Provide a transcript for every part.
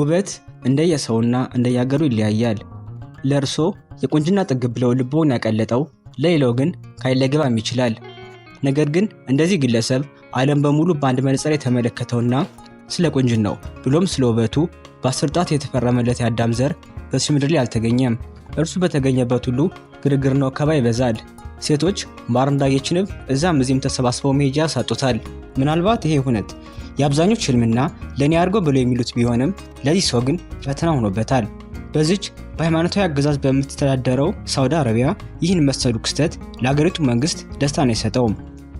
ውበት እንደየሰውና እንደየሀገሩ ይለያያል። ለእርሶ የቁንጅና ጥግብ ብለው ልቦውን ያቀለጠው፣ ለሌላው ግን ካይለገባም ይችላል። ነገር ግን እንደዚህ ግለሰብ ዓለም በሙሉ በአንድ መነጽር የተመለከተውና ስለ ቁንጅናው ብሎም ስለ ውበቱ በአስር ጣት የተፈረመለት የአዳም ዘር በዚህ ምድር ላይ አልተገኘም። እርሱ በተገኘበት ሁሉ ግርግርና ወከባ ይበዛል። ሴቶች ማር እንዳየች ንብ እዛም እዚህም ተሰባስበው መሄጃ ያሳጡታል። ምናልባት ይሄ ሁነት የአብዛኞች ህልምና ለእኔ አድርገው ብለው የሚሉት ቢሆንም ለዚህ ሰው ግን ፈተና ሆኖበታል። በዚች በሃይማኖታዊ አገዛዝ በምትተዳደረው ሳውዲ አረቢያ ይህን መሰሉ ክስተት ለአገሪቱ መንግስት ደስታን አይሰጠውም።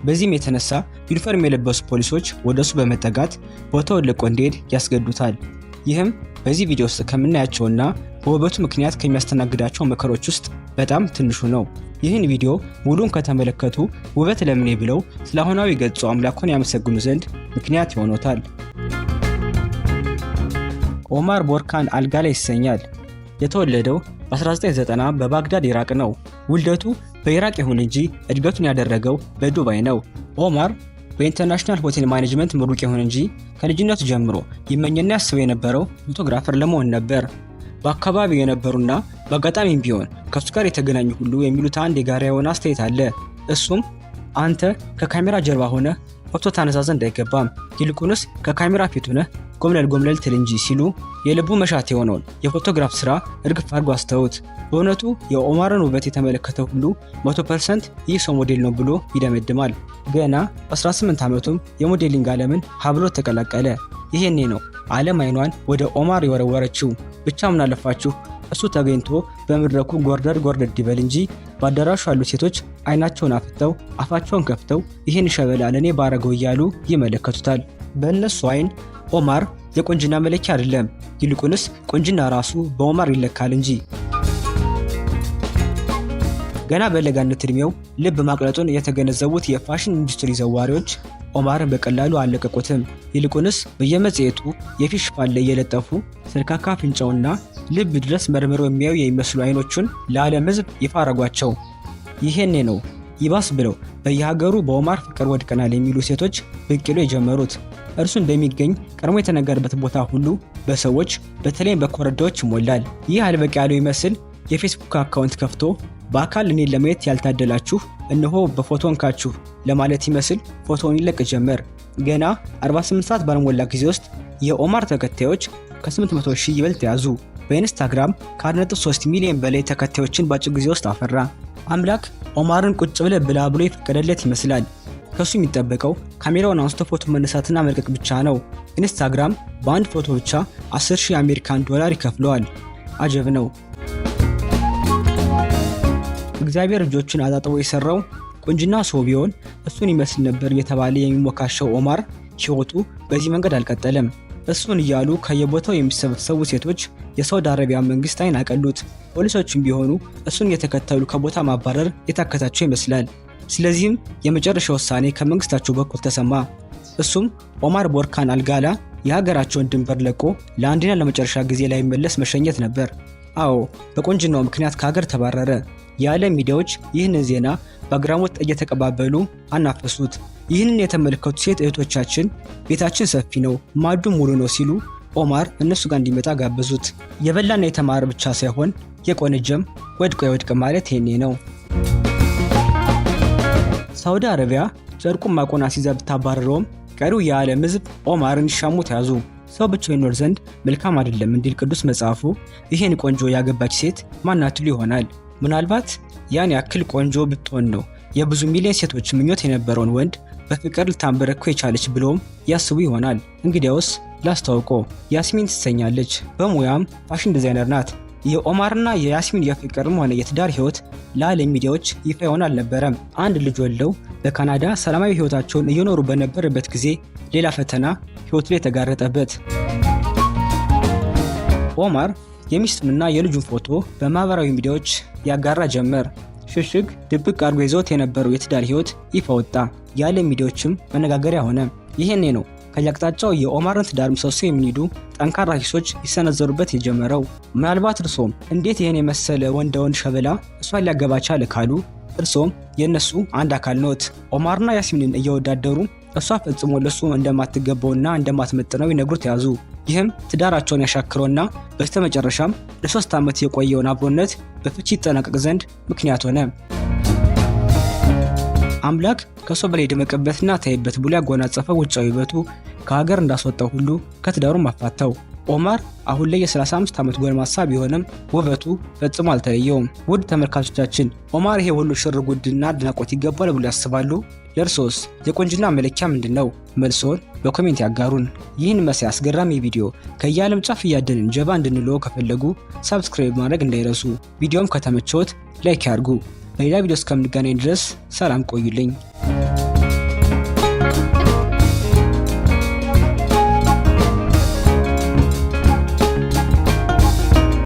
በዚህም የተነሳ ዩኒፎርም የለበሱ ፖሊሶች ወደ እሱ በመጠጋት ቦታውን ለቆ እንዲሄድ ያስገዱታል። ይህም በዚህ ቪዲዮ ውስጥ ከምናያቸውና በውበቱ ምክንያት ከሚያስተናግዳቸው መከሮች ውስጥ በጣም ትንሹ ነው። ይህን ቪዲዮ ሙሉን ከተመለከቱ ውበት ለምኔ ብለው ስለ አሁናዊ ገጹ አምላኮን ያመሰግኑ ዘንድ ምክንያት ይሆኖታል። ኦማር ቦርካን አልጋላ ይሰኛል። የተወለደው በ1990 በባግዳድ ኢራቅ ነው። ውልደቱ በኢራቅ ይሁን እንጂ እድገቱን ያደረገው በዱባይ ነው። ኦማር በኢንተርናሽናል ሆቴል ማኔጅመንት ምሩቅ ይሁን እንጂ ከልጅነቱ ጀምሮ ይመኝና ያስበው የነበረው ፎቶግራፈር ለመሆን ነበር። በአካባቢው የነበሩና በአጋጣሚም ቢሆን ከሱ ጋር የተገናኙ ሁሉ የሚሉት አንድ የጋራ የሆነ አስተያየት አለ። እሱም አንተ ከካሜራ ጀርባ ሆነ ወቅቶ ታነዛዘ እንዳይገባም ይልቁንስ ከካሜራ ፊት ሆነ ጎምለል ጎምለል ትል እንጂ ሲሉ የልቡ መሻት የሆነውን የፎቶግራፍ ስራ እርግፍ አድርጎ አስተውት። በእውነቱ የኦማርን ውበት የተመለከተ ሁሉ 100% ይህ ሰው ሞዴል ነው ብሎ ይደመድማል። ገና 18 ዓመቱም የሞዴሊንግ ዓለምን ሀብሎ ተቀላቀለ። ይሄኔ ነው ዓለም አይኗን ወደ ኦማር የወረወረችው። ብቻ ምናለፋችሁ አለፋችሁ እሱ ተገኝቶ በመድረኩ ጎርደር ጎርደድ ይበል እንጂ በአዳራሹ ያሉ ሴቶች አይናቸውን አፍተው አፋቸውን ከፍተው ይህን ሸበላ ለእኔ ባረገው እያሉ ይመለከቱታል። በእነሱ አይን ኦማር የቁንጅና መለኪያ አይደለም፣ ይልቁንስ ቁንጅና ራሱ በኦማር ይለካል እንጂ ገና በለጋነት እድሜው ልብ ማቅለጡን የተገነዘቡት የፋሽን ኢንዱስትሪ ዘዋሪዎች ኦማርን በቀላሉ አለቀቁትም። ይልቁንስ በየመጽሔቱ የፊት ሽፋን ላይ እየለጠፉ ስርካካ አፍንጫውና ልብ ድረስ መርምረው የሚያዩ የሚመስሉ አይኖቹን ለዓለም ሕዝብ ይፋ አረጓቸው። ይሄኔ ነው ይባስ ብለው በየሀገሩ በኦማር ፍቅር ወድቀናል የሚሉ ሴቶች ብቅ ይሉ የጀመሩት። እርሱ እንደሚገኝ ቀድሞ የተነገረበት ቦታ ሁሉ በሰዎች በተለይም በኮረዳዎች ይሞላል። ይህ አልበቅ ያለው ይመስል የፌስቡክ አካውንት ከፍቶ በአካል እኔን ለማየት ያልታደላችሁ እነሆ በፎቶን ካችሁ ለማለት ይመስል ፎቶውን ይለቅ ጀመር። ገና 48 ሰዓት ባልሞላ ጊዜ ውስጥ የኦማር ተከታዮች ከ800 ሺህ ይበልጥ ያዙ። በኢንስታግራም ከ1.3 ሚሊዮን በላይ ተከታዮችን በአጭር ጊዜ ውስጥ አፈራ። አምላክ ኦማርን ቁጭ ብለ ብላ ብሎ የፈቀደለት ይመስላል። ከሱ የሚጠበቀው ካሜራውን አንስቶ ፎቶ መነሳትና መልቀቅ ብቻ ነው። ኢንስታግራም በአንድ ፎቶ ብቻ 10 ሺህ አሜሪካን ዶላር ይከፍለዋል። አጀብ ነው። እግዚአብሔር እጆቹን አጣጥቦ የሰራው ቁንጅና ሰው ቢሆን እሱን ይመስል ነበር እየተባለ የሚሞካሸው ኦማር ሕይወቱ በዚህ መንገድ አልቀጠለም። እሱን እያሉ ከየቦታው የሚሰበሰቡ ሴቶች የሳውዲ አረቢያ መንግስት አይን አቀሉት። ፖሊሶችም ቢሆኑ እሱን እየተከተሉ ከቦታ ማባረር የታከታቸው ይመስላል። ስለዚህም የመጨረሻ ውሳኔ ከመንግስታቸው በኩል ተሰማ። እሱም ኦማር ቦርካን አልጋላ የሀገራቸውን ድንበር ለቆ ለአንድና ለመጨረሻ ጊዜ ላይመለስ መሸኘት ነበር። አዎ በቁንጅናው ምክንያት ከሀገር ተባረረ። የዓለም ሚዲያዎች ይህንን ዜና በአግራሞት እየተቀባበሉ አናፈሱት። ይህንን የተመለከቱ ሴት እህቶቻችን ቤታችን ሰፊ ነው፣ ማዱ ሙሉ ነው ሲሉ ኦማር እነሱ ጋር እንዲመጣ ጋበዙት። የበላና የተማረ ብቻ ሳይሆን የቆነጀም ወድቆ የወድቅ ማለት ይሄኔ ነው። ሳውዲ አረቢያ ጨርቁን ማቆና ሲዛ ብታባረረውም ቀሪው የዓለም ህዝብ ኦማርን ይሻሙት ያዙ። ሰው ብቻ ይኖር ዘንድ መልካም አይደለም እንዲል ቅዱስ መጽሐፉ፣ ይህን ቆንጆ ያገባች ሴት ማናትሉ ይሆናል? ምናልባት ያን ያክል ቆንጆ ብትሆን ነው የብዙ ሚሊዮን ሴቶች ምኞት የነበረውን ወንድ በፍቅር ልታንበረኮ የቻለች ብሎም ያስቡ ይሆናል። እንግዲያውስ ላስታውቆ፣ ያስሚን ትሰኛለች። በሙያም ፋሽን ዲዛይነር ናት። የኦማርና የያስሚን የፍቅርም ሆነ የትዳር ህይወት ላለ ሚዲያዎች ይፋ ይሆን አልነበረም። አንድ ልጅ ወልደው በካናዳ ሰላማዊ ህይወታቸውን እየኖሩ በነበረበት ጊዜ ሌላ ፈተና ህይወቱ ላይ የተጋረጠበት። ኦማር የሚስቱንና የልጁን ፎቶ በማህበራዊ ሚዲያዎች ያጋራ ጀመር። ሽሽግ ድብቅ አድርጎ ይዞት የነበረው የትዳር ህይወት ይፋ ወጣ። የዓለም ሚዲያዎችም መነጋገሪያ ሆነ። ይሄኔ ነው ከየአቅጣጫው የኦማርን ትዳር ምሰሶ የሚንዱ ጠንካራ ሂሶች ይሰነዘሩበት የጀመረው። ምናልባት እርሶም እንዴት ይህን የመሰለ ወንደ ወንድ ሸበላ እሷን ሊያገባ ቻለ ካሉ እርሶም የእነሱ አንድ አካል ኖት። ኦማርና ያስሚንን እየወዳደሩ እሷ ፈጽሞ ለሱ እንደማትገባውና እንደማትመጥነው ይነግሩት ያዙ። ይህም ትዳራቸውን ያሻክረውና በስተመጨረሻም ለሶስት ዓመት የቆየውን አብሮነት በፍቺ ይጠናቀቅ ዘንድ ምክንያት ሆነ። አምላክ ከሰው በላይ የደመቀበትና ታየበት ብሎ ያጎናጸፈው ውጫዊ ውበቱ ከሀገር እንዳስወጣው ሁሉ ከትዳሩም አፋታው። ኦማር አሁን ላይ የ35 ዓመት ጎልማሳ ቢሆንም ውበቱ ፈጽሞ አልተለየውም። ውድ ተመልካቾቻችን ኦማር ይሄ ሁሉ ሽር ጉድና አድናቆት ይገባል ብሎ ያስባሉ? ለእርሶስ የቆንጅና መለኪያ ምንድን ነው? መልሶን በኮሜንት ያጋሩን። ይህን መሳይ አስገራሚ ቪዲዮ ከየዓለም ጫፍ እያደንን ጀባ እንድንለው ከፈለጉ ሰብስክራይብ ማድረግ እንዳይረሱ። ቪዲዮም ከተመቸዎት ላይክ ያርጉ። በሌላ ቪዲዮ እስከምንገናኝ ድረስ ሰላም ቆዩልኝ።